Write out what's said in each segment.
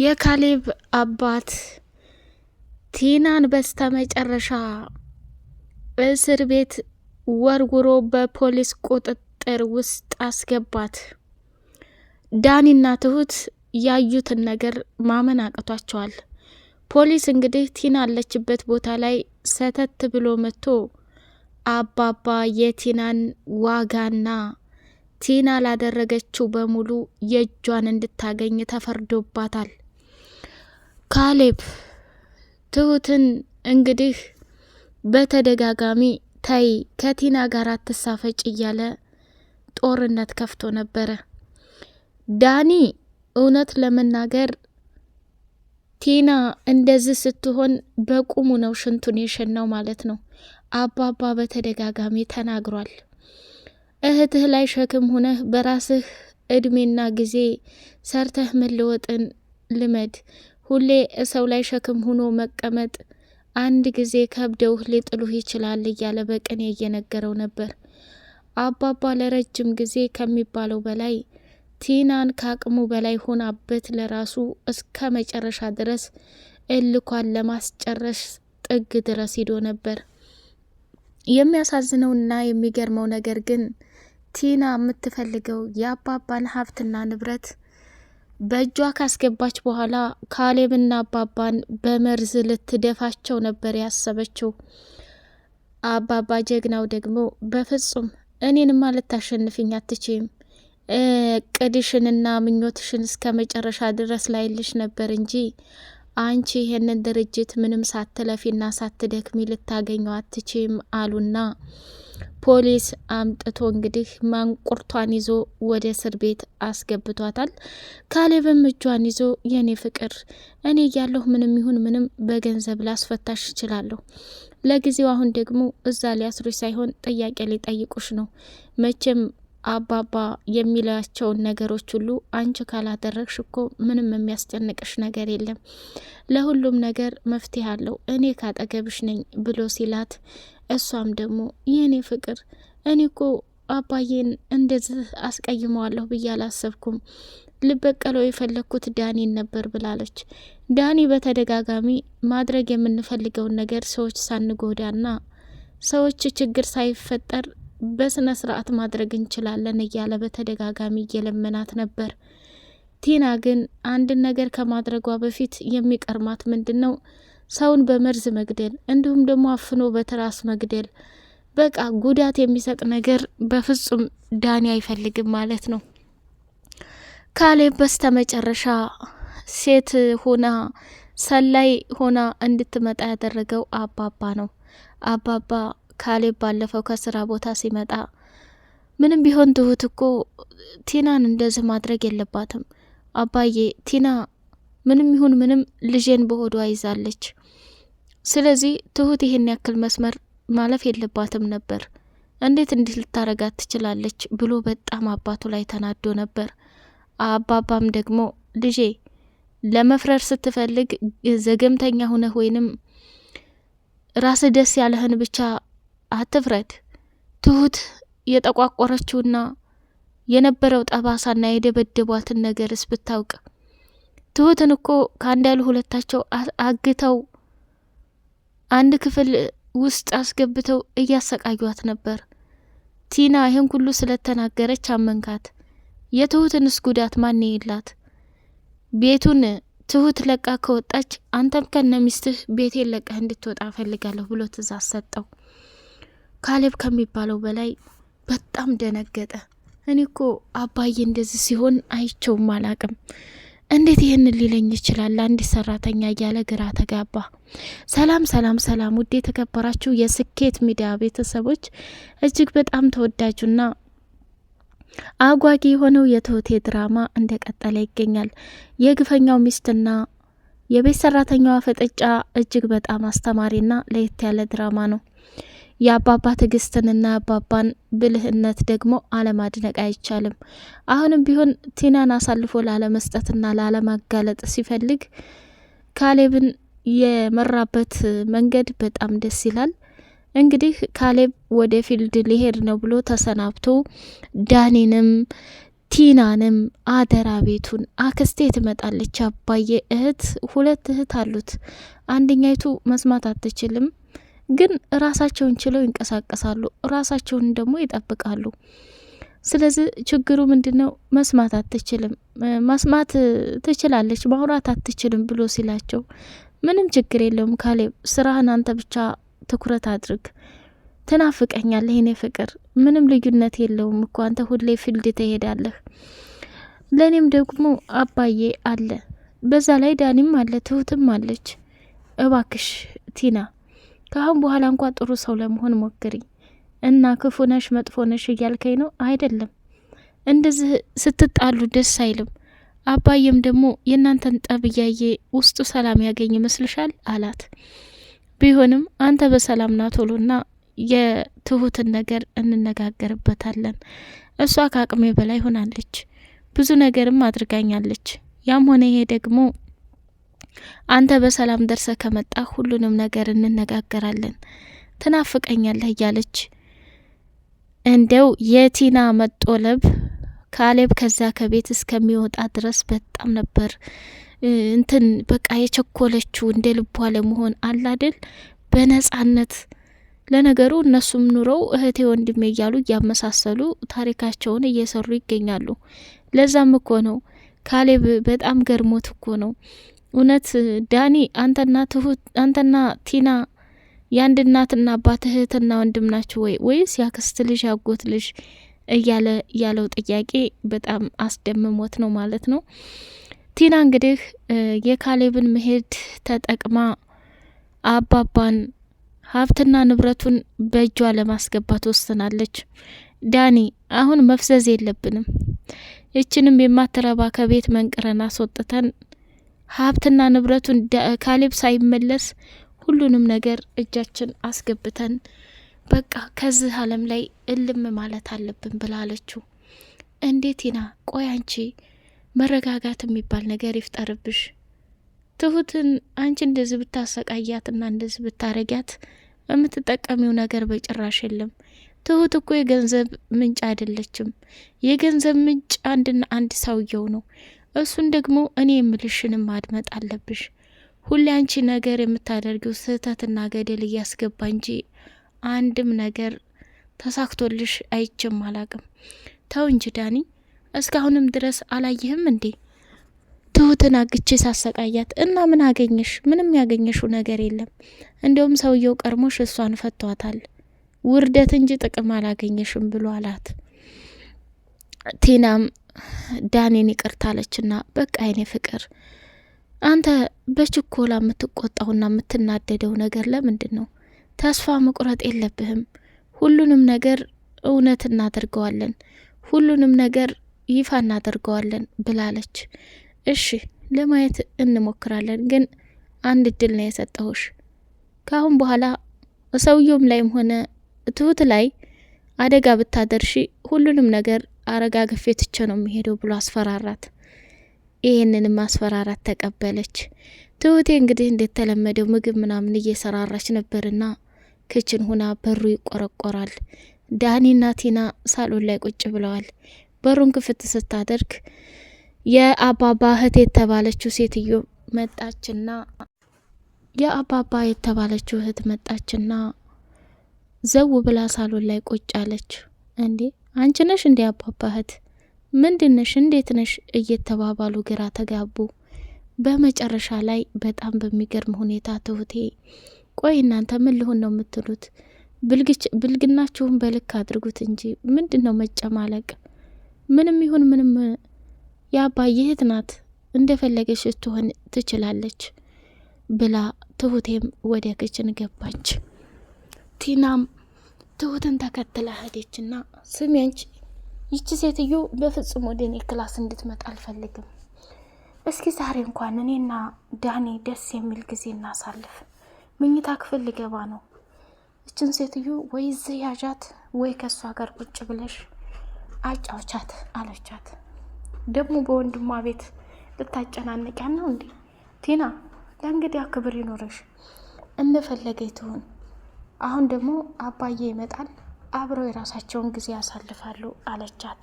የካሌብ አባት ቲናን በስተ መጨረሻ እስር ቤት ወርውሮ በፖሊስ ቁጥጥር ውስጥ አስገባት። ዳኒና ትሁት ያዩትን ነገር ማመን አቅቷቸዋል። ፖሊስ እንግዲህ ቲና አለችበት ቦታ ላይ ሰተት ብሎ መጥቶ አባባ የቲናን ዋጋና ቲና ላደረገችው በሙሉ የእጇን እንድታገኝ ተፈርዶባታል። ካሌብ ትሁትን እንግዲህ በተደጋጋሚ ተይ ከቲና ጋር አትሳፈጭ እያለ ጦርነት ከፍቶ ነበረ። ዳኒ እውነት ለመናገር ቲና እንደዚህ ስትሆን በቁሙ ነው ሽንቱን የሸናው ማለት ነው። አባባ በተደጋጋሚ ተናግሯል። እህትህ ላይ ሸክም ሁነህ በራስህ እድሜና ጊዜ ሰርተህ መለወጥን ልመድ። ሁሌ ሰው ላይ ሸክም ሁኖ መቀመጥ አንድ ጊዜ ከብደውህ ሊጥሉህ ይችላል እያለ በቅኔ እየነገረው ነበር። አባባ ለረጅም ጊዜ ከሚባለው በላይ ቲናን ከአቅሙ በላይ ሆናበት ለራሱ እስከ መጨረሻ ድረስ እልኳን ለማስጨረስ ጥግ ድረስ ሂዶ ነበር። የሚያሳዝነውና የሚገርመው ነገር ግን ቲና የምትፈልገው የአባባን ሀብትና ንብረት በእጇ ካስገባች በኋላ ካሌብና አባባን በመርዝ ልትደፋቸው ነበር ያሰበችው። አባባ ጀግናው ደግሞ በፍጹም እኔንማ ልታሸንፍኝ አትችም፣ ቅድሽንና ምኞትሽን እስከ መጨረሻ ድረስ ላይልሽ ነበር እንጂ አንቺ ይሄንን ድርጅት ምንም ሳትለፊና ሳትደክሚ ልታገኘው አትችም አሉና ፖሊስ አምጥቶ እንግዲህ ማንቁርቷን ይዞ ወደ እስር ቤት አስገብቷታል። ካሌብም እጇን ይዞ የኔ ፍቅር፣ እኔ እያለሁ ምንም ይሁን ምንም በገንዘብ ላስፈታሽ እችላለሁ። ለጊዜው አሁን ደግሞ እዛ ሊያስሩሽ ሳይሆን ጥያቄ ሊጠይቁሽ ነው። መቼም አባባ የሚለያቸውን ነገሮች ሁሉ አንቺ ካላደረግሽ እኮ ምንም የሚያስጨንቅሽ ነገር የለም፣ ለሁሉም ነገር መፍትሄ አለው፣ እኔ ካጠገብሽ ነኝ ብሎ ሲላት፣ እሷም ደግሞ የእኔ ፍቅር እኔ እኮ አባዬን እንደዚህ አስቀይመዋለሁ ብዬ አላሰብኩም ልበቀለው የፈለግኩት ዳኒን ነበር ብላለች። ዳኒ በተደጋጋሚ ማድረግ የምንፈልገውን ነገር ሰዎች ሳንጎዳና ሰዎች ችግር ሳይፈጠር በስነ ስርዓት ማድረግ እንችላለን እያለ በተደጋጋሚ እየለመናት ነበር። ቲና ግን አንድን ነገር ከማድረጓ በፊት የሚቀርማት ምንድን ነው? ሰውን በመርዝ መግደል እንዲሁም ደግሞ አፍኖ በትራስ መግደል። በቃ ጉዳት የሚሰጥ ነገር በፍጹም ዳኒ አይፈልግም ማለት ነው። ካሌብ በስተ መጨረሻ ሴት ሆና ሰላይ ሆና እንድትመጣ ያደረገው አባባ ነው። አባባ ካሌብ ባለፈው ከስራ ቦታ ሲመጣ ምንም ቢሆን ትሁት እኮ ቲናን እንደዚህ ማድረግ የለባትም አባዬ፣ ቲና ምንም ይሁን ምንም ልጄን በሆዷ ይዛለች። ስለዚህ ትሁት ይህን ያክል መስመር ማለፍ የለባትም ነበር። እንዴት እንዲህ ልታረጋት ትችላለች? ብሎ በጣም አባቱ ላይ ተናዶ ነበር። አባባም ደግሞ ልጄ ለመፍረር ስትፈልግ ዘገምተኛ ሁነህ ወይንም ራስ ደስ ያለህን ብቻ አትፍረድ። ትሁት የጠቋቆረችውና የነበረው ጠባሳና የደበደቧትን ነገርስ ብታውቅ። ትሁትን እኮ ከአንድ ያሉ ሁለታቸው አግተው አንድ ክፍል ውስጥ አስገብተው እያሰቃዩት ነበር። ቲና ይህን ሁሉ ስለተናገረች አመንካት። የትሁትንስ ጉዳት ማን የላት? ቤቱን ትሁት ለቃ ከወጣች አንተም ከነ ሚስትህ ቤቴን ለቀህ እንድትወጣ እፈልጋለሁ ብሎ ትእዛዝ ሰጠው። ካሌብ ከሚባለው በላይ በጣም ደነገጠ። እኔ እኮ አባዬ እንደዚህ ሲሆን አይቸውም አላቅም። እንዴት ይህንን ሊለኝ ይችላል? አንዲት ሰራተኛ እያለ ግራ ተጋባ። ሰላም ሰላም ሰላም! ውድ የተከበራችሁ የስኬት ሚዲያ ቤተሰቦች እጅግ በጣም ተወዳጁና አጓጊ የሆነው የትሁቴ ድራማ እንደ ቀጠለ ይገኛል። የግፈኛው ሚስትና የቤት ሰራተኛዋ ፈጠጫ እጅግ በጣም አስተማሪና ለየት ያለ ድራማ ነው። የአባባ ትዕግስትንና የአባባን ብልህነት ደግሞ አለማድነቅ አይቻልም። አሁንም ቢሆን ቲናን አሳልፎ ላለመስጠትና ላለማጋለጥ ሲፈልግ ካሌብን የመራበት መንገድ በጣም ደስ ይላል። እንግዲህ ካሌብ ወደ ፊልድ ሊሄድ ነው ብሎ ተሰናብቶ ዳኒንም ቲናንም አደራ ቤቱን አክስቴ ትመጣለች፣ አባዬ እህት ሁለት እህት አሉት። አንደኛይቱ መስማት አትችልም፣ ግን ራሳቸውን ችለው ይንቀሳቀሳሉ፣ ራሳቸውን ደግሞ ይጠብቃሉ። ስለዚህ ችግሩ ምንድን ነው? መስማት አትችልም፣ መስማት ትችላለች፣ ማውራት አትችልም ብሎ ሲላቸው ምንም ችግር የለውም ካሌብ፣ ስራህን አንተ ብቻ ትኩረት አድርግ። ትናፍቀኛለህ የኔ ፍቅር፣ ምንም ልዩነት የለውም እኮ አንተ ሁሌ ፊልድ ትሄዳለህ፣ ለእኔም ደግሞ አባዬ አለ፣ በዛ ላይ ዳኒም አለ፣ ትሁትም አለች። እባክሽ ቲና ከአሁን በኋላ እንኳ ጥሩ ሰው ለመሆን ሞክሪ እና ክፉ ነሽ መጥፎ ነሽ እያልከኝ ነው አይደለም። እንደዚህ ስትጣሉ ደስ አይልም። አባዬም ደግሞ የእናንተን ጠብ እያየ ውስጡ ሰላም ያገኝ ይመስልሻል አላት። ቢሆንም አንተ በሰላም ና ቶሎና የትሁትን ነገር እንነጋገርበታለን። እሷ ከአቅሜ በላይ ሆናለች፣ ብዙ ነገርም አድርጋኛለች። ያም ሆነ ይሄ ደግሞ አንተ በሰላም ደርሰ ከመጣ ሁሉንም ነገር እንነጋገራለን። ትናፍቀኛለህ እያለች እንደው የቲና መጦለብ ካሌብ ከዛ ከቤት እስከሚወጣ ድረስ በጣም ነበር እንትን በቃ የቸኮለችው እንደ ልቧ ለመሆን አላደል በነጻነት ለነገሩ እነሱም ኑረው እህቴ ወንድሜ እያሉ እያመሳሰሉ ታሪካቸውን እየሰሩ ይገኛሉ። ለዛም እኮ ነው ካሌብ በጣም ገርሞት እኮ ነው እውነት ዳኒ አንተና ቲና የአንድ እናትና አባት እህትና ወንድም ናችሁ ወይ ወይስ ያክስት ልጅ ያጎት ልጅ እያለ ያለው ጥያቄ በጣም አስደምሞት ነው ማለት ነው። ቲና እንግዲህ የካሌብን መሄድ ተጠቅማ አባባን ሀብትና ንብረቱን በእጇ ለማስገባት ወስናለች። ዳኒ አሁን መፍዘዝ የለብንም። ይችንም የማትረባ ከቤት መንቅረን አስወጥተን ሀብትና ንብረቱን ካሌብ ሳይመለስ ሁሉንም ነገር እጃችን አስገብተን በቃ ከዚህ ዓለም ላይ እልም ማለት አለብን ብላ እንዴት ቲና፣ ቆይ አንቺ መረጋጋት የሚባል ነገር ይፍጠርብሽ። ትሁትን አንቺ እንደዚህ ብታሰቃያትና እንደዚህ ብታረጊያት የምትጠቀሚው ነገር በጭራሽ የለም። ትሁት እኮ የገንዘብ ምንጭ አይደለችም። የገንዘብ ምንጭ አንድና አንድ ሰውየው ነው። እሱን ደግሞ እኔ የምልሽንም ማድመጥ አለብሽ። ሁሌ አንቺ ነገር የምታደርጊው ስህተትና ገደል እያስገባ እንጂ አንድም ነገር ተሳክቶልሽ አይችም አላቅም። ተው እንጂ ዳኒ፣ እስካሁንም ድረስ አላየህም እንዴ? ትሁትን አግቼ ሳሰቃያት እና ምን አገኘሽ? ምንም ያገኘሽው ነገር የለም። እንዲሁም ሰውየው ቀርሞሽ እሷን ፈቷታል። ውርደት እንጂ ጥቅም አላገኘሽም ብሎ አላት። ቲናም ዳኔን ይቅርታለችና በቃ አይኔ ፍቅር አንተ በችኮላ የምትቆጣውና የምትናደደው ነገር ለምንድን ነው? ተስፋ መቁረጥ የለብህም። ሁሉንም ነገር እውነት እናደርገዋለን፣ ሁሉንም ነገር ይፋ እናደርገዋለን ብላለች። እሺ ለማየት እንሞክራለን፣ ግን አንድ እድል ነው የሰጠሁሽ። ከአሁን በኋላ ሰውየውም ላይም ሆነ ትሁት ላይ አደጋ ብታደርሺ ሁሉንም ነገር አረጋግፌ ትቼ ነው የሚሄደው ብሎ አስፈራራት። ይህንንም ማስፈራራት ተቀበለች። ትሁቴ እንግዲህ እንደተለመደው ምግብ ምናምን እየሰራራች ነበርና ክችን ሁና በሩ ይቆረቆራል። ዳኒና ቲና ሳሎን ላይ ቁጭ ብለዋል። በሩን ክፍት ስታደርግ የአባባ እህት የተባለችው ሴትዮ መጣችና የአባባ የተባለችው እህት መጣችና ዘው ብላ ሳሎን ላይ ቁጭ አለች። እንዴ አንቺ ነሽ እንዴ አባባህት ምንድነሽ? እንዴት ነሽ? እየተባባሉ ግራ ተጋቡ። በመጨረሻ ላይ በጣም በሚገርም ሁኔታ ትሁቴ ቆይ እናንተ ምን ልሁን ነው የምትሉት? ብልግናችሁን በልክ አድርጉት እንጂ ምንድን ነው መጨማለቅ? ምንም ይሁን ምንም የአባዬ እህት ናት እንደፈለገች ስትሆን ትችላለች ብላ ትሁቴም ወደ ክችን ገባች። ቲናም ትሁትን ተከትለ ሄደችና ስሚ አንቺ ይቺ ሴትዮ በፍጹም ወደ እኔ ክላስ እንድትመጣ አልፈልግም። እስኪ ዛሬ እንኳን እኔና ዳኔ ደስ የሚል ጊዜ እናሳልፍ። ምኝታ ክፍል ሊገባ ነው። እችን ሴትዮ ወይ እዚህ ያዣት ወይ ከእሷ ጋር ቁጭ ብለሽ አጫውቻት አለቻት። ደግሞ በወንድሟ ቤት ልታጨናነቂያ ነው እንዴ? ቲና ለእንግዲያ ክብር ይኖረሽ፣ እንደፈለገ ትሁን። አሁን ደግሞ አባዬ ይመጣል፣ አብረው የራሳቸውን ጊዜ ያሳልፋሉ አለቻት።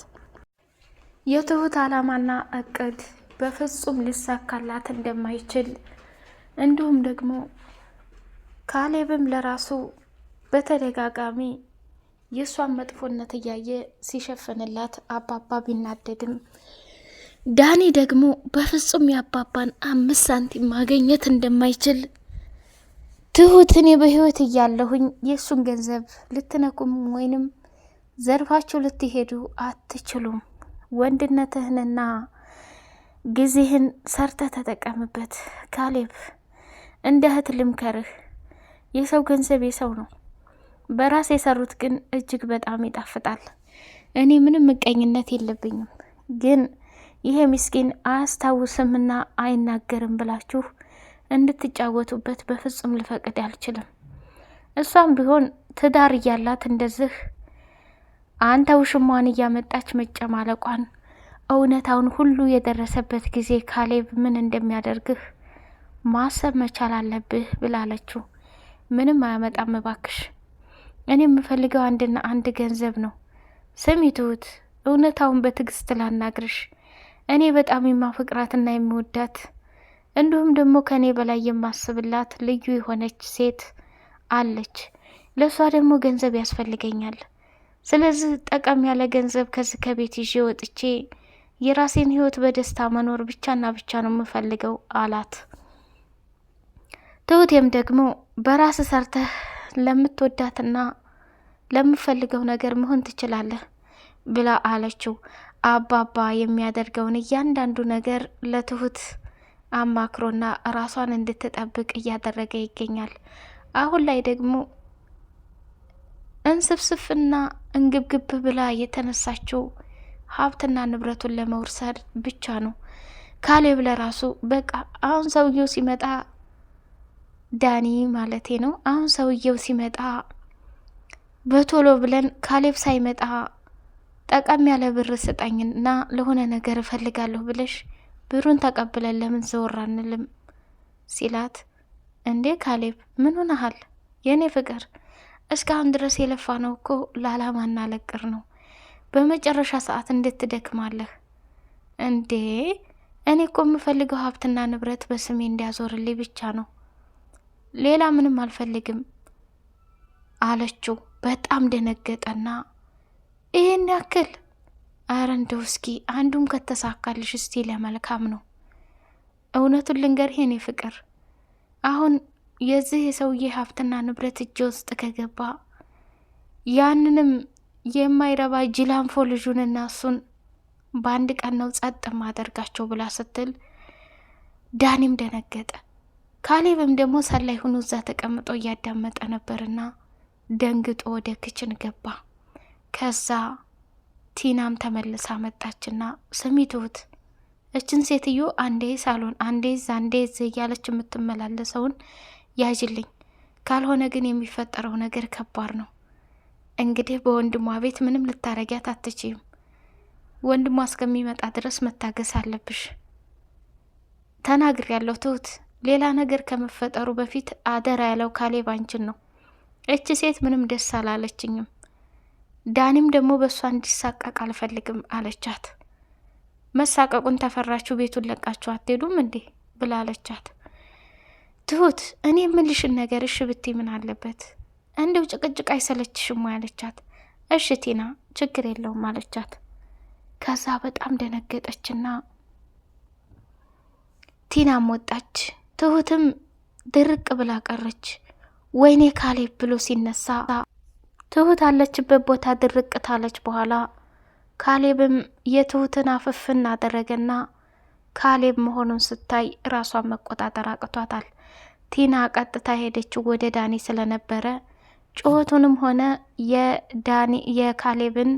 የትሁት አላማና እቅድ በፍጹም ሊሳካላት እንደማይችል እንዲሁም ደግሞ ካሌብም ለራሱ በተደጋጋሚ የእሷን መጥፎነት እያየ ሲሸፍንላት አባባ ቢናደድም ዳኒ ደግሞ በፍጹም የአባባን አምስት ሳንቲም ማግኘት እንደማይችል ትሁት እኔ በህይወት እያለሁኝ የእሱን ገንዘብ ልትነኩም ወይንም ዘርፋችሁ ልትሄዱ አትችሉም። ወንድነትህንና ጊዜህን ሰርተህ ተጠቀምበት። ካሌብ እንደ እህት ልምከርህ፣ የሰው ገንዘብ የሰው ነው። በራስ የሰሩት ግን እጅግ በጣም ይጣፍጣል። እኔ ምንም ምቀኝነት የለብኝም፣ ግን ይሄ ምስኪን አያስታውስምና አይናገርም ብላችሁ እንድትጫወቱበት በፍጹም ልፈቅድ አልችልም። እሷም ቢሆን ትዳር እያላት እንደዚህ አንተ ውሽሟን እያመጣች መጨማለቋን እውነታውን ሁሉ የደረሰበት ጊዜ ካሌብ ምን እንደሚያደርግህ ማሰብ መቻል አለብህ ብላለችው። ምንም አያመጣም እባክሽ፣ እኔ የምፈልገው አንድና አንድ ገንዘብ ነው። ስሚ ትሁት፣ እውነታውን በትዕግስት ላናግርሽ። እኔ በጣም የማፈቅራትና የምወዳት እንዲሁም ደግሞ ከኔ በላይ የማስብላት ልዩ የሆነች ሴት አለች። ለእሷ ደግሞ ገንዘብ ያስፈልገኛል። ስለዚህ ጠቀም ያለ ገንዘብ ከዚህ ከቤት ይዤ ወጥቼ የራሴን ህይወት በደስታ መኖር ብቻና ብቻ ነው የምፈልገው አላት። ትሁቴም ደግሞ በራስ ሰርተህ ለምትወዳትና ለምፈልገው ነገር መሆን ትችላለህ ብላ አለችው። አባባ የሚያደርገውን እያንዳንዱ ነገር ለትሁት አማክሮና ራሷን እንድትጠብቅ እያደረገ ይገኛል። አሁን ላይ ደግሞ እንስፍስፍና እንግብግብ ብላ የተነሳችው ሀብትና ንብረቱን ለመውርሰድ ብቻ ነው። ካሌብ ለራሱ በቃ አሁን ሰውየው ሲመጣ ዳኒ ማለቴ ነው። አሁን ሰውየው ሲመጣ በቶሎ ብለን ካሌብ ሳይመጣ ጠቀም ያለ ብር ስጠኝና ለሆነ ነገር እፈልጋለሁ ብለሽ ብሩን ተቀብለን ለምን ዘወር አንልም ሲላት፣ እንዴ ካሌብ ምን ሆነሃል? የእኔ ፍቅር እስካሁን ድረስ የለፋ ነው እኮ ለዓላማ ለቅር ነው። በመጨረሻ ሰዓት እንዴት ትደክማለህ እንዴ? እኔ እኮ የምፈልገው ሀብትና ንብረት በስሜ እንዲያዞርልኝ ብቻ ነው፣ ሌላ ምንም አልፈልግም አለችው። በጣም ደነገጠና ይህን ያክል አረ እንደው እስኪ አንዱም ከተሳካልሽ እስቲ ለመልካም ነው። እውነቱን ልንገርህ የኔ ፍቅር፣ አሁን የዚህ የሰውዬ ሀብትና ንብረት እጅ ውስጥ ከገባ ያንንም የማይረባ ጅላንፎ ልጁንና እሱን በአንድ ቀን ነው ጸጥ ማደርጋቸው ብላ ስትል ዳኒም ደነገጠ። ካሌብም ደግሞ ሰላይ ሁኑ እዛ ተቀምጦ እያዳመጠ ነበርና ደንግጦ ወደ ክችን ገባ። ከዛ ቲናም ተመልሳ መጣችና ስሚ ትሁት እችን ሴትዮ አንዴ ሳሎን አንዴ ዛ አንዴ ዝ እያለች የምትመላለሰውን ያዥልኝ፣ ካልሆነ ግን የሚፈጠረው ነገር ከባድ ነው። እንግዲህ በወንድሟ ቤት ምንም ልታረጊያት አትችይም። ወንድሟ እስከሚመጣ ድረስ መታገስ አለብሽ። ተናግር ያለው ትሁት፣ ሌላ ነገር ከመፈጠሩ በፊት አደራ ያለው ካሌብ ነው። እች ሴት ምንም ደስ አላለችኝም። ዳኒም ደግሞ በእሷ እንዲሳቀቅ አልፈልግም አለቻት። መሳቀቁን ተፈራችሁ ቤቱን ለቃችሁ አትሄዱም እንዴ ብላ አለቻት። ትሁት እኔ የምልሽን ነገር እሽ ብትይ ምን አለበት? እንዲው ጭቅጭቅ አይሰለችሽም አለቻት። እሽ ቲና ችግር የለውም አለቻት። ከዛ በጣም ደነገጠችና ቲናም ወጣች። ትሁትም ድርቅ ብላ ቀረች። ወይኔ ካሌብ ብሎ ሲነሳ ትሁት አለችበት ቦታ ድርቅ ካለች በኋላ ካሌብም የትሁትን አፍፍን አደረገና ካሌብ መሆኑን ስታይ ራሷን መቆጣጠር አቅቷታል። ቲና ቀጥታ ሄደችው ወደ ዳኒ ስለነበረ ጩኸቱንም ሆነ የዳኒ የካሌብን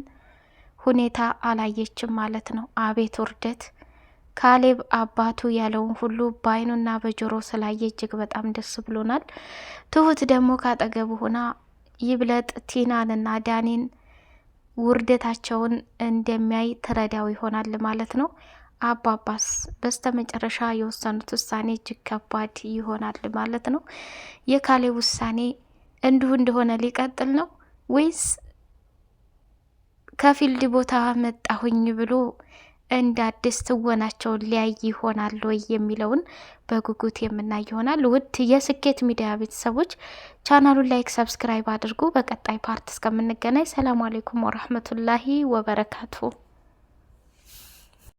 ሁኔታ አላየችም ማለት ነው። አቤት ውርደት! ካሌብ አባቱ ያለውን ሁሉ በአይኑና በጆሮ ስላየ እጅግ በጣም ደስ ብሎናል። ትሁት ደግሞ ካጠገቡ ሆና ይብለጥ ቲናንና ዳኒን ውርደታቸውን እንደሚያይ ትረዳው ይሆናል ማለት ነው። አባባስ በስተ መጨረሻ የወሰኑት ውሳኔ እጅግ ከባድ ይሆናል ማለት ነው። የካሌ ውሳኔ እንዲሁ እንደሆነ ሊቀጥል ነው ወይስ ከፊልድ ቦታ መጣሁኝ ብሎ እንደ አዲስ ትወናቸውን ሊያይ ይሆናል ወይ የሚለውን በጉጉት የምናይ ይሆናል። ውድ የስኬት ሚዲያ ቤተሰቦች ቻናሉን ላይክ፣ ሰብስክራይብ አድርጉ። በቀጣይ ፓርት እስከምንገናኝ ሰላም አሌይኩም ወረህመቱላሂ ወበረካቱ።